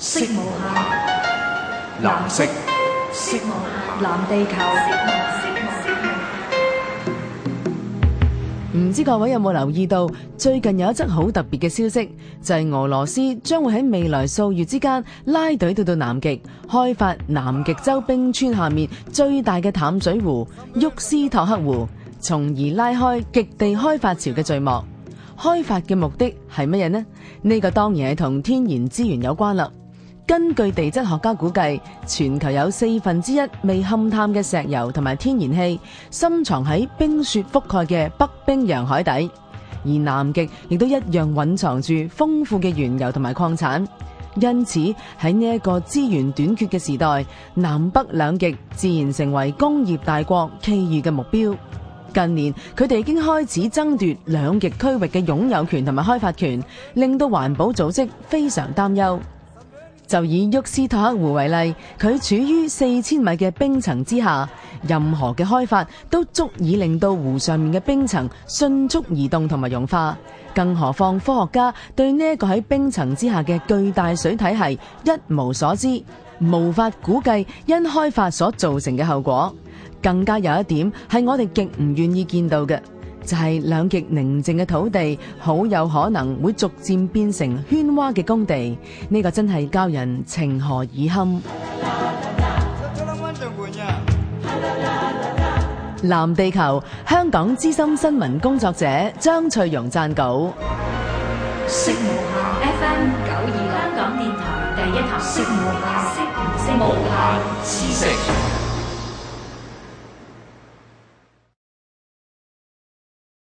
色無下藍色色無暇，藍地球。唔知各位有冇留意到，最近有一則好特別嘅消息，就係、是、俄羅斯將會喺未來數月之間拉隊到到南極，開發南極洲冰川下面最大嘅淡水湖沃斯托克湖，從而拉開極地開發潮嘅序幕。開發嘅目的係乜嘢呢？呢、這個當然係同天然資源有關啦。根據地質學家估計，全球有四分之一未勘探嘅石油同埋天然氣，深藏喺冰雪覆蓋嘅北冰洋海底，而南極亦都一樣蘊藏住豐富嘅原油同埋礦產。因此喺呢一個資源短缺嘅時代，南北兩極自然成為工業大國覬覦嘅目標。近年，佢哋已經開始爭奪兩極區域嘅擁有權同埋開發權，令到環保組織非常擔憂。就以沃斯托克湖為例，佢處於四千米嘅冰層之下，任何嘅開發都足以令到湖上面嘅冰層迅速移動同埋融化。更何況科學家對呢一個喺冰層之下嘅巨大水體係一無所知，無法估計因開發所造成嘅後果。更加有一點係我哋極唔願意見到嘅。就係兩極寧靜嘅土地，好有可能會逐漸變成喧嘩嘅工地，呢、這個真係教人情何以堪。啊啊、藍地球，香港資深新聞工作者張翠容撰稿。FM 九二香港電台第一台。